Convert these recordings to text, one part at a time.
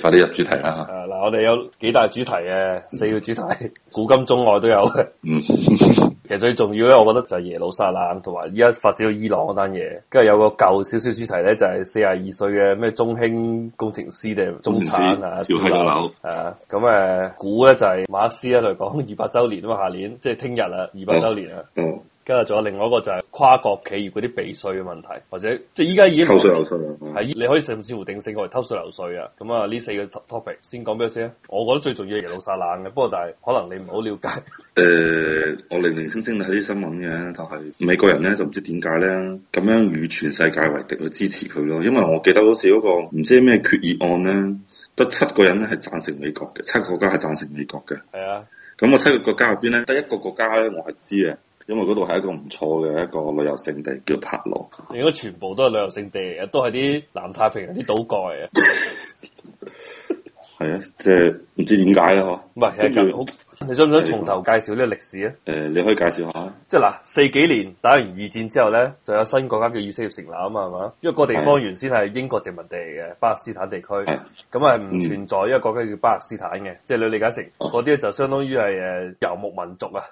快啲入主題啦！啊嗱，我哋有幾大主題嘅，四個主題，古今中外都有。嗯， 其實最重要咧，我覺得就係耶路撒冷同埋依家發展到伊朗嗰單嘢，跟住有個舊少少主題咧，就係四廿二歲嘅咩中興工程師定中產啊，跳咗樓。係啊，咁誒，古咧就係馬克思咧嚟講，二百周年啊嘛，下年即係聽日啦，二百周年啊。嗯嗯。仲有另外一個就係跨國企業嗰啲避稅嘅問題，或者即係依家已經有偷稅漏稅，係、嗯、依你可以甚至乎定性為偷稅漏稅啊！咁、嗯、啊，呢四個 topic 先講咩先啊？我覺得最重要係耶路撒冷嘅，不過但係可能你唔好了解。誒、啊呃，我零零星星睇啲新聞嘅，就係、是、美國人咧就唔知點解咧咁樣與全世界為敵去支持佢咯。因為我記得嗰時嗰個唔知咩決議案咧，得七個人咧係贊成美國嘅，七個國家係贊成美國嘅。係啊，咁我七個國家入邊咧，得一個國家咧，我係知嘅。因為嗰度係一個唔錯嘅一個旅遊勝地，叫塔羅。應該全部都係旅遊勝地嚟嘅，都係啲南太平洋啲島國嚟嘅。係啊，即係唔知點解啊。嗬。唔係，係咁。你想唔想從頭介紹呢個歷史啊？誒，你可以介紹下。即係嗱，四幾年打完二戰之後咧，就有新國家叫以色列成立啊嘛，係嘛？因為個地方原先係英國殖民地嚟嘅，巴勒斯坦地區。咁係唔存在一個國家叫巴勒斯坦嘅，即係你理解成嗰啲就相當於係誒遊牧民族啊。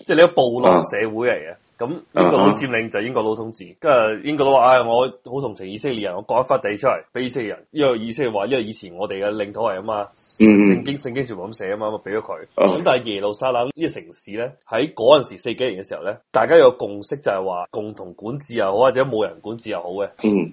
即係你一個部落社會嚟嘅。咁英國佬佔領就係英國佬統治，跟住英國佬話，唉，我好同情以色列人，我割一塊地出嚟俾以色列人。因為以色列話，因為以前我哋嘅領土係啊嘛，聖經聖經全部咁寫啊嘛，咪俾咗佢。咁但係耶路撒冷呢個城市咧，喺嗰陣時四幾年嘅時候咧，大家有個共識就係話共同管治又好，或者冇人管治又好嘅。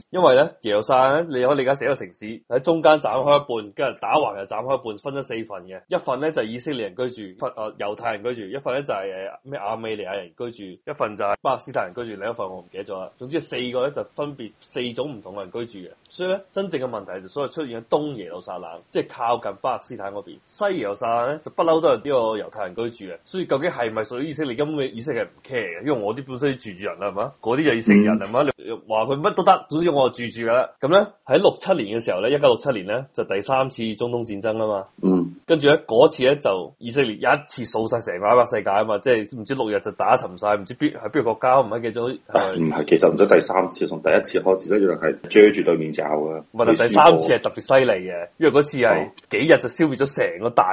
因為咧耶路撒冷，你可以理解成個城市喺中間斬開一半，跟住打橫又斬開一半，分咗四份嘅。一份咧就係以色列人居住，份啊猶太人居住，一份咧就係誒咩亞美尼亞人居住，一份，就巴勒斯坦人居住，另一份我唔記得咗啦。總之四個咧就分別四種唔同嘅人居住嘅，所以咧真正嘅問題就所謂出現喺東耶路撒冷，即係靠近巴勒斯坦嗰邊；西耶路撒冷咧就不嬲都係呢個猶太人居住嘅。所以究竟係咪屬於以色列根本嘅以色列係唔 care 嘅，因為我啲本身住住人啦嘛，嗰啲就要承人，啦嘛、嗯，話佢乜都得，總之我就住住噶啦。咁咧喺六七年嘅時候咧，一九六七年咧就是、第三次中東戰爭啦嘛。嗯跟住咧，嗰次咧就以色列有一次掃晒成個阿拉伯世界啊嘛，即係唔知六日就打沉晒，唔知邊係邊個國家，唔係記咗，唔係，其實唔得第三次，從第一次開始，一樣係遮住對面罩啊。唔係是，第三次係特別犀利嘅，因為嗰次係、哦、幾日就消滅咗成個大，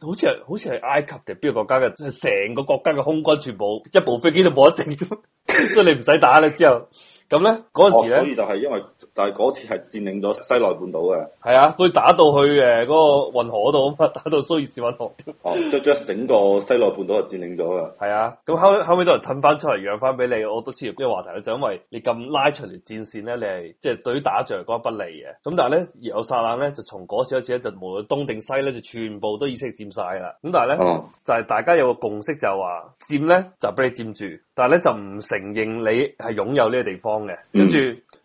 好似係好似係埃及定邊個國家嘅成個國家嘅空軍全，全部一部飛機都冇得剩， 所以你唔使打啦之後。咁咧嗰陣時咧、哦，所以就係因為就係嗰次係佔領咗西奈半島嘅。係啊，佢打到去誒嗰個運河度啊嘛，打到蘇伊士運河。 哦，即係將整個西奈半島就佔領咗啦。係啊，咁後尾後尾都係吞翻出嚟，讓翻俾你。我都切入呢個話題咧，就因為你咁拉長條戰線咧，你係即係對於打仗嚟講不利嘅。咁但係咧，耶路撒冷咧，就從嗰次開始咧，就無論東定西咧，就全部都以色列佔晒啦。咁但係咧，哦、就係大家有個共識就話佔咧就俾你佔住，但係咧就唔承認你係擁有呢個地方。嗯、跟住，為邏輯呢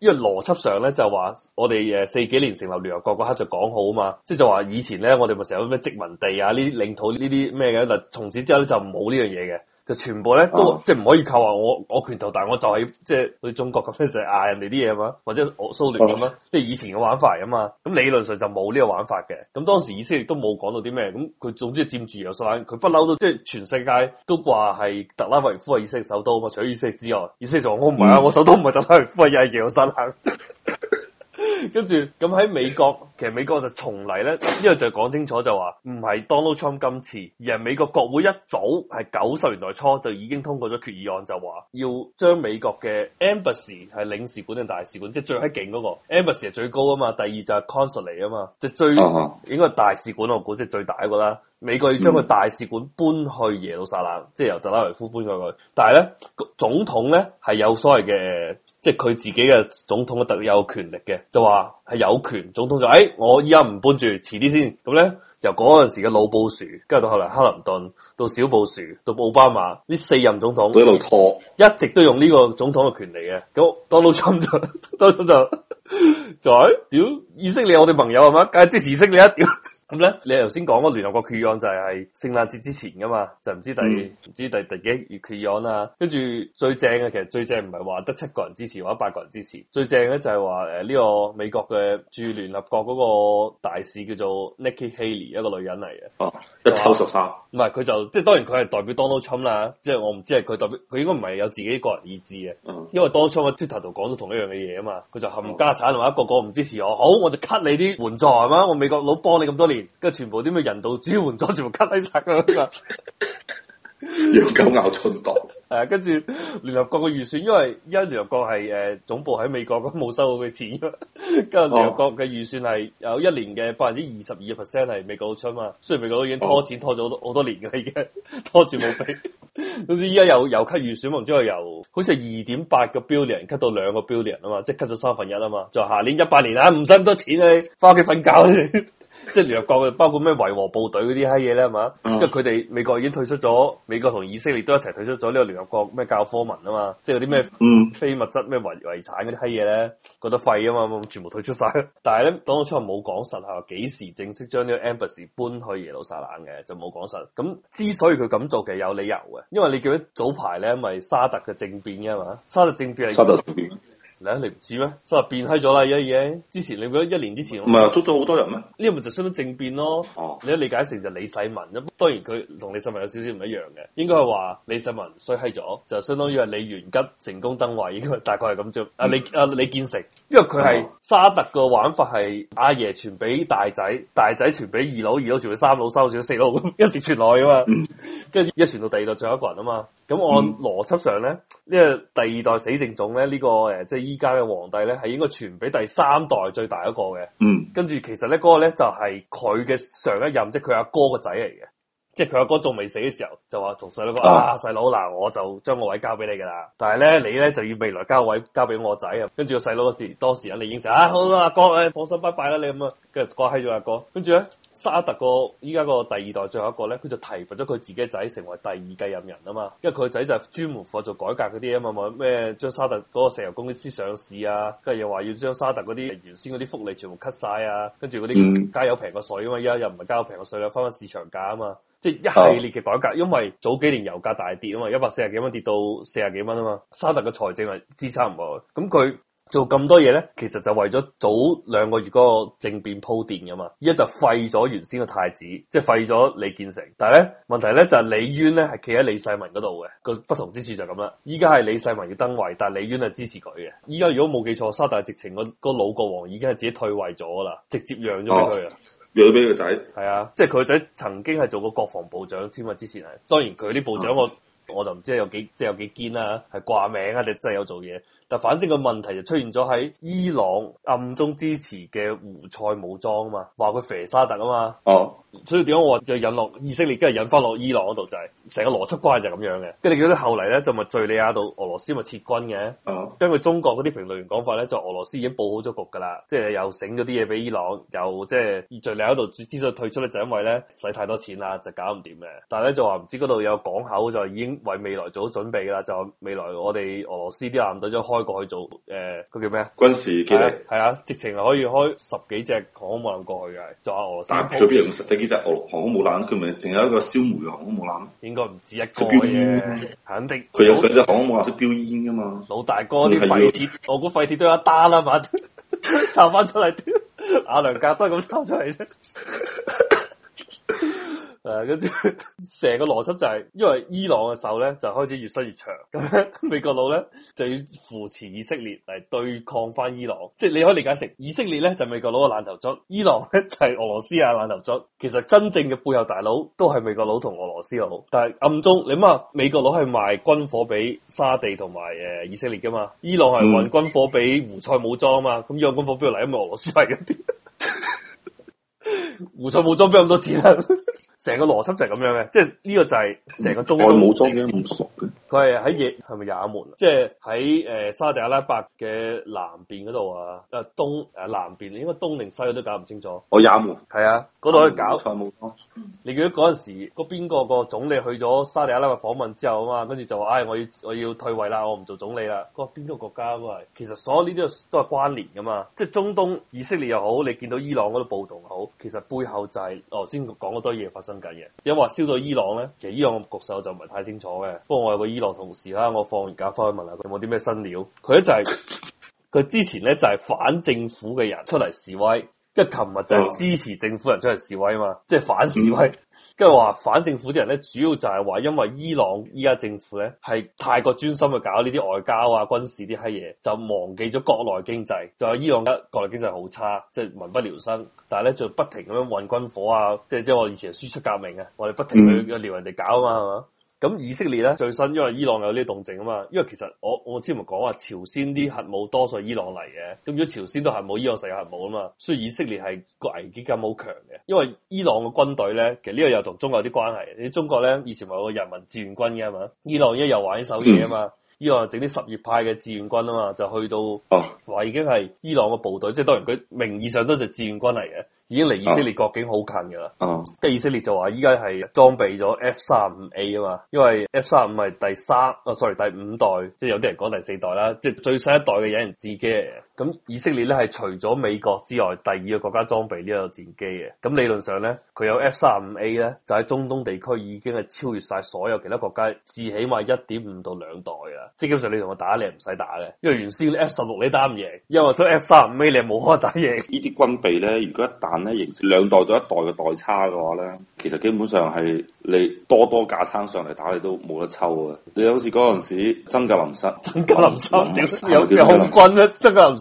為邏輯上咧就話，我哋誒四幾年成立聯合國嗰刻就講好啊嘛，即係就話、是、以前咧，我哋咪成日有咩殖民地啊，呢啲領土呢啲咩嘅，但，從此之後咧就冇呢樣嘢嘅。就全部咧都即係唔可以靠話，我我拳頭大我就係、是、即係好似中國咁樣就嗌、啊、人哋啲嘢嘛，或者我蘇聯咁啦，即係以前嘅玩法啊嘛。咁理論上就冇呢個玩法嘅。咁當時以色列都冇講到啲咩，咁佢總之佔住耶路撒冷，佢不嬲都即係全世界都話係特拉維夫係以色列首都啊嘛。除咗以色列之外，以色列就話我唔係啊，嗯、我首都唔係特拉維夫，係耶路撒冷啦。 跟住咁喺美國，其實美國就從嚟咧，呢個就講清楚就話，唔係 Donald Trump 今次，而係美國國會一早係九十年代初就已經通過咗決議案，就話要將美國嘅 embassy 係領事館定大使館，即係最喺勁嗰個 embassy 係最高啊嘛，第二就係 consulate 啊嘛，即係最應該大使館我估即係最大一個啦。美國要將個大使館搬去耶路撒冷，嗯、即係由特拉維夫搬過去。但係咧，總統咧係有所謂嘅。即係佢自己嘅總統嘅特有權力嘅，就話係有權，總統就誒、哎，我依家唔搬住，遲啲先咁咧。由嗰陣時嘅老布殊，跟住到後來克林頓，到小布殊，到奧巴馬呢四任總統都一路拖，一直都用呢個總統嘅權力嘅。咁當到特朗普就當到特朗普就就屌、哎、以色列，我哋朋友係嘛，梗係支持以色列。咁咧，你頭先講個聯合國決議案就係聖誕節之前噶嘛？就唔知第唔、嗯、知第第幾月決議案啊？跟住最正嘅，其實最正唔係話得七個人支持或者八個人支持，最正咧就係話誒呢個美國嘅駐聯合國嗰個大使叫做 Nikki Haley 一個女人嚟嘅哦，一抽索沙唔係佢就，說、啊、就即係當然佢係代表 Donald Trump 啦，即係我唔知係佢代表佢應該唔係有自己個人意志嘅，嗯、因為 Donald Trump 喺 Twitter 度講咗同一樣嘅嘢啊嘛，佢就冚家鏟，係一個個唔支持我，好我就 cut 你啲援助係嘛，我美國佬幫你咁多年。跟住全部啲咩人道支援咗，全部 cut 低晒噶啦。養狗咬春角。係跟住聯合國嘅預算，因為依家聯合國係誒、呃、總部喺美國，咁冇收到嘅錢。跟住聯合國嘅預算係有一年嘅百分之二十二嘅 percent 係美國佬出嘛，雖然美國已經拖錢、哦、拖咗好多好多年噶，已經拖住冇俾。總之依家又又 cut 預算，我唔知係由好似係二點八個 billion cut 到兩個 billion 啊嘛，即係 cut 咗三分一啊嘛。就下年一八年啊，唔使咁多錢啊，翻屋企瞓覺。 即係聯合國嘅，包括咩維和部隊嗰啲閪嘢咧，係嘛、嗯？因為佢哋美國已經退出咗，美國同以色列都一齊退出咗呢個聯合國咩教科文啊嘛，即係啲咩非物質咩、嗯、遺遺產嗰啲閪嘢咧，覺得廢啊嘛，全部退出晒。 但係咧，當初冇講實，下，話幾時正式將呢個 embassy 搬去耶路撒冷嘅，就冇講實。咁之所以佢咁做，其實有理由嘅，因為你記得早排咧，咪沙特嘅政變啊嘛，沙特政變。 你唔知咩？所以變閪咗啦，而家嘢。之前你覺得一年之前唔係捉咗好多人咩？呢個咪就相當於政變咯。哦，你理解成就李世民咁，當然佢同李世民有少少唔一樣嘅，應該係話李世民衰閪咗，就相當於係李元吉成功登位，應該大概係咁啫。阿李阿李建成，因為佢係沙特個玩法係阿爺傳俾大仔，大仔傳俾二佬，二佬傳俾三佬，三佬傳俾四佬咁，一直傳落去噶嘛。跟住、嗯、一傳到第二代仲有一個人啊嘛。咁按邏輯、嗯、上咧，呢個第二代死剩種咧，呢、這個誒即係依家嘅皇帝咧，係應該傳俾第三代最大一個嘅。嗯，跟住其實咧，嗰個咧，就係佢嘅上一任，即係佢阿哥個仔嚟嘅。即係佢阿哥仲未死嘅時候，就話同細佬話，啊細佬嗱，啊、弟弟我就將個位交俾你噶啦。但係咧，你咧就要未來交位交俾我仔啊。跟住個細佬嗰時，當時人你應承，啊好啊，哥，哥，誒、哎、放心，拜拜啦，你咁啊。嗯、跟住掛喺咗阿哥。跟住咧，沙特個依家個第二代最後一個咧，佢就提拔咗佢自己仔成為第二繼任人啊嘛。因為佢嘅仔就係專門負責改革嗰啲啊嘛，咩將沙特嗰個石油公司上市啊，跟住又話要將沙特嗰啲原先嗰啲福利全部 cut 晒啊，跟住嗰啲加油平個稅啊，依家又唔係交平個稅啦，翻翻市場價啊嘛。即係一系列嘅改革，因為早幾年油價大跌啊嘛，一百四十幾蚊跌到四十幾蚊啊嘛，沙特嘅財政係支撐唔落，咁佢。做咁多嘢咧，其實就為咗早兩個月嗰個政變鋪墊噶嘛。依家就廢咗原先嘅太子，即係廢咗李建成。但係咧，問題咧就係李淵咧係企喺李世民嗰度嘅。個不同之處就咁啦。依家係李世民要登位，但係李淵係支持佢嘅。依家如果冇記錯，沙大直情個老國王已經係自己退位咗啦，直接讓咗俾佢啊，讓俾個仔。係啊，即係佢個仔曾經係做過國防部長，千萬之前係。當然佢啲部長我，我、啊、我就唔知有幾即係有幾堅啦、啊，係掛名啊定真有做嘢。反正個問題就出現咗喺伊朗暗中支持嘅胡塞武裝啊嘛，話佢肥沙特啊嘛，啊，所以點解我就引落以色列，跟住引翻落伊朗嗰度就係、是、成個邏輯關係就係咁樣嘅。跟住佢到後嚟，咧就咪敘利亞度俄羅斯咪撤軍嘅，啊、根據中國嗰啲評論員講法咧就俄羅斯已經布好咗局噶啦，即係又醒咗啲嘢俾伊朗，又即係敘利亞嗰度之所以退出咧就因為咧使太多錢啦就搞唔掂嘅。但係咧就話唔知嗰度有港口就已經為未來做好準備噶啦，就未來我哋俄羅斯啲艦隊都開。過去做誒，佢、呃、叫咩啊？陣時記得係啊，直情係可以開十幾隻航空母艦過去嘅，仲有俄羅斯。但係佢邊有十幾隻航航空母艦？佢咪淨有一個燒煤航空母艦？應該唔止一個肯定。佢有幾隻航空母艦識飆煙噶嘛？老大哥啲廢鐵，我估廢鐵都有一打啦嘛，抄翻出嚟。 阿梁格都係咁抄出嚟啫。 誒，跟住成個邏輯就係，因為伊朗嘅手咧就開始越伸越長，咁咧美國佬咧就要扶持以色列嚟對抗翻伊朗，即係你可以理解成以色列咧就係、美國佬嘅爛頭卒，伊朗咧就係、是、俄羅斯啊爛頭卒。其實真正嘅背後大佬都係美國佬同俄羅斯佬，但係暗中你諗下，美國佬係賣軍火俾沙地同埋誒以色列噶嘛，伊朗係運軍火俾胡塞武裝嘛，咁樣軍火邊度嚟？因為俄羅斯係嗰啲胡塞武裝邊有咁多錢啊？成個邏輯就係咁樣嘅，即係呢個就係成個中東。我冇裝嘅唔熟嘅。佢係喺耶，係咪也門？即係喺誒沙地阿拉伯嘅南邊嗰度啊？誒東誒南邊，應該東定西都搞唔清楚。我也門，係啊，嗰度可以搞財務。你記得嗰陣時，個邊個個總理去咗沙地阿拉伯訪問之後啊嘛，跟住就話，唉、哎，我要我要退位啦，我唔做總理啦。嗰邊個國家。嗰個其實所有呢啲都係關聯噶嘛。即係中東以色列又好，你見到伊朗嗰度暴動好，其實背後就係我先講好多嘢發生緊，因為話燒到伊朗咧，其實伊朗我局勢就唔係太清楚嘅。不過我有個伊。同時啦，我放完假翻去問下佢有冇啲咩新料。佢咧就係、是、佢之前咧就係、是、反政府嘅人出嚟示威，即係琴日就係支持政府人出嚟示威啊嘛，即、就、係、是、反示威。跟住話反政府啲人咧，主要就係話因為伊朗依家政府咧係太過專心去搞呢啲外交啊、軍事啲閪嘢，就忘記咗國內經濟。就係、是、伊朗咧，國內經濟好差，即、就、係、是、民不聊生。但係咧就不停咁樣運軍火啊，即係即係我以前係輸出革命啊，我哋不停去撩人哋搞啊嘛，係嘛？咁以色列咧最新，因為伊朗有啲動靜啊嘛，因為其實我我之前講話朝鮮啲核武多數係伊朗嚟嘅，咁如果朝鮮都係冇伊朗世界核武啊嘛，所以以色列係個危機感好強嘅，因為伊朗嘅軍隊咧，其實呢個又同中國有啲關係，你中國咧以前咪有個人民志願軍嘅係嘛？伊朗一又玩手嘢啊嘛，伊朗整啲什葉派嘅志願軍啊嘛，就去到話已經係伊朗嘅部隊，即係當然佢名義上都就志願軍嚟嘅。已經離以色列國境好近噶啦，跟住，oh。以色列就話依家係裝備咗 F 三五 A 啊嘛，因為 F 三五係第三，啊、oh,，sorry 第五代，即係有啲人講第四代啦，即係最新一代嘅隱形戰機嚟。咁以色列咧係除咗美國之外第二個國家裝備呢個戰機嘅，咁理論上咧佢有 F 三五 A 咧就喺中東地區已經係超越晒所有其他國家，至起碼一點五到兩代啊。即係基本上你同我打你係唔使打嘅，因為原先你 F 十六你打唔贏，因為所以 F 三五 A 你係冇可能打贏。呢啲軍備咧，如果一旦咧形成兩代到一代嘅代差嘅話咧，其實基本上係你多多架撐上嚟打你都冇得抽啊。你好似嗰陣時曾格林森，曾格林森，有有空軍咧曾格林。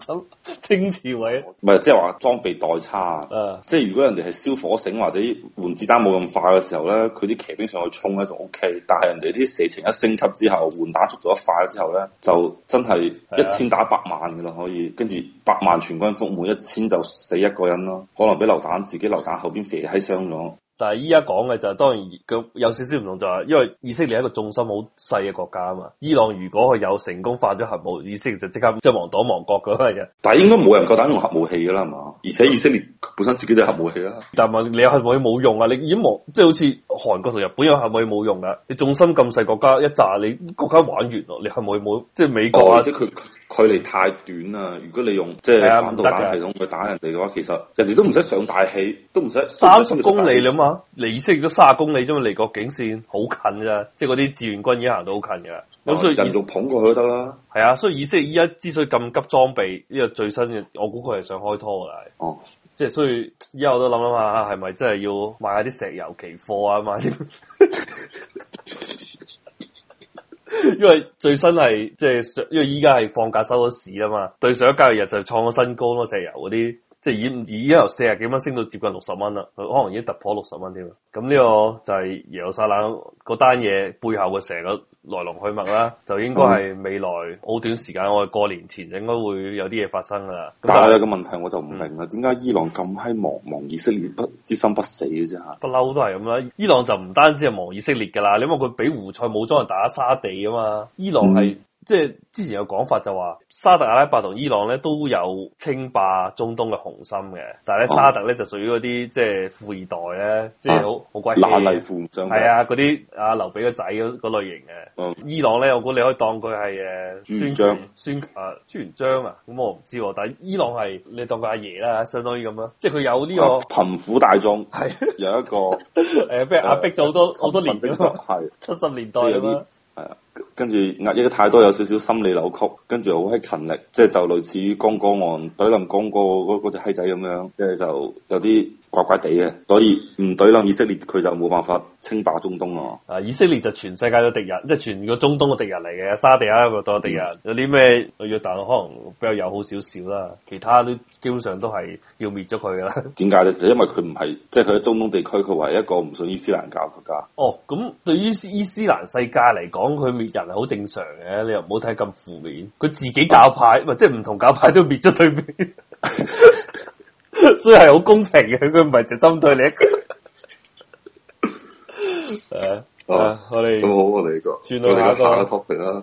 清青位唔係即係話裝備代差，uh, 即係如果人哋係燒火繩或者換子彈冇咁快嘅時候咧，佢啲騎兵上去衝咧就 O K。但係人哋啲射程一升級之後，換彈速度一快之後咧，就真係一千打百萬噶啦，可以跟住百萬全軍覆沒，一千就死一個人咯。可能俾榴彈自己榴彈後邊射喺傷咗。但係依家講嘅就係當然，佢有少少唔同，就係因為以色列係一個重心好細嘅國家啊嘛。伊朗如果佢有成功化咗核武，以色列就即刻即係亡黨亡國嗰類嘅。但係應該冇人夠膽用核武器㗎啦，係嘛？而且以色列本身自己都係核武器啊。但係你核武器冇用啊？你已經冇即係好似。韓國同日本又係咪冇用啦？你重心咁細國家一炸，你國家玩完咯。你係咪冇即係美國啊？哦、即係佢距離太短啦。如果你用即係反導彈系統去打人哋嘅話，其實人哋都唔使上大氣，都唔使三十公里啦嘛。以色列都三十公里啫嘛，離國境線好近啫。即係嗰啲志願軍已經行到好近噶。咁、啊、所以人哋捧過去得啦。係啊，所以以色列依家之所以咁急裝備呢、這個最新嘅，我估佢係想開拖噶。哦、啊，即係所以。依家我都諗諗下，係咪真係要買下啲石油期貨啊？買啲， 因為最新係即係，因為依家係放假收咗市啊嘛，對上一交易日就創咗新高咯，啊，石油嗰啲。即係已已由四十幾蚊升到接近六十蚊啦，佢可能已經突破六十蚊添。咁呢個就係耶路撒冷嗰單嘢背後嘅成個來龍去脈啦，就應該係未來好短時間，我哋、嗯、過年前就應該會有啲嘢發生噶啦。但係有個問題，我就唔明啦，點解、嗯、伊朗咁閪亡亡以色列不之心不死嘅啫？吓，不嬲都係咁啦，伊朗就唔單止係亡以色列噶啦，因為佢俾胡塞武裝人打沙地啊嘛，伊朗係、嗯。即係之前有講法就話，沙特阿拉伯同伊朗咧都有稱霸中東嘅雄心嘅。但係咧，沙特咧就屬於嗰啲即係富二代咧，即係好好貴氣富商？係啊，嗰啲阿劉備嘅仔嗰嗰類型嘅。伊朗咧，我估你可以當佢係誒，朱元璋，啊朱元璋啊。咁我唔知，但係伊朗係你當佢阿爺啦，相當於咁啦。即係佢有呢個貧苦大眾，係有一個誒，俾人壓迫咗好多好多年咁咯，係七十年代咁咯，係啊。跟住壓抑得太多，有少少心理扭曲，跟住好閪勤力，即係就類似於《江歌案，懟林江歌嗰嗰隻閪仔咁樣，即係就有啲。怪怪地嘅，所以唔懟冧以色列，佢就冇辦法稱霸中東咯。啊，以色列就全世界嘅敵人，即、就、係、是、全個中東嘅敵人嚟嘅，沙地啊，咪都係敵人。嗯、有啲咩約旦可能比較友好少少啦，其他都基本上都係要滅咗佢啦。點解咧？就是、因為佢唔係，即係佢喺中東地區，佢係一個唔信伊斯蘭教國家。哦，咁對於伊斯蘭世界嚟講，佢滅人係好正常嘅，你又唔好睇咁負面。佢自己教派，唔即係唔同教派都滅咗對面。嗯 所以係好公平嘅，佢唔係就針對你一個。誒、 oh, 啊，我哋，哦，好，我哋、這個轉到下一個，個，下一個 topic 啦。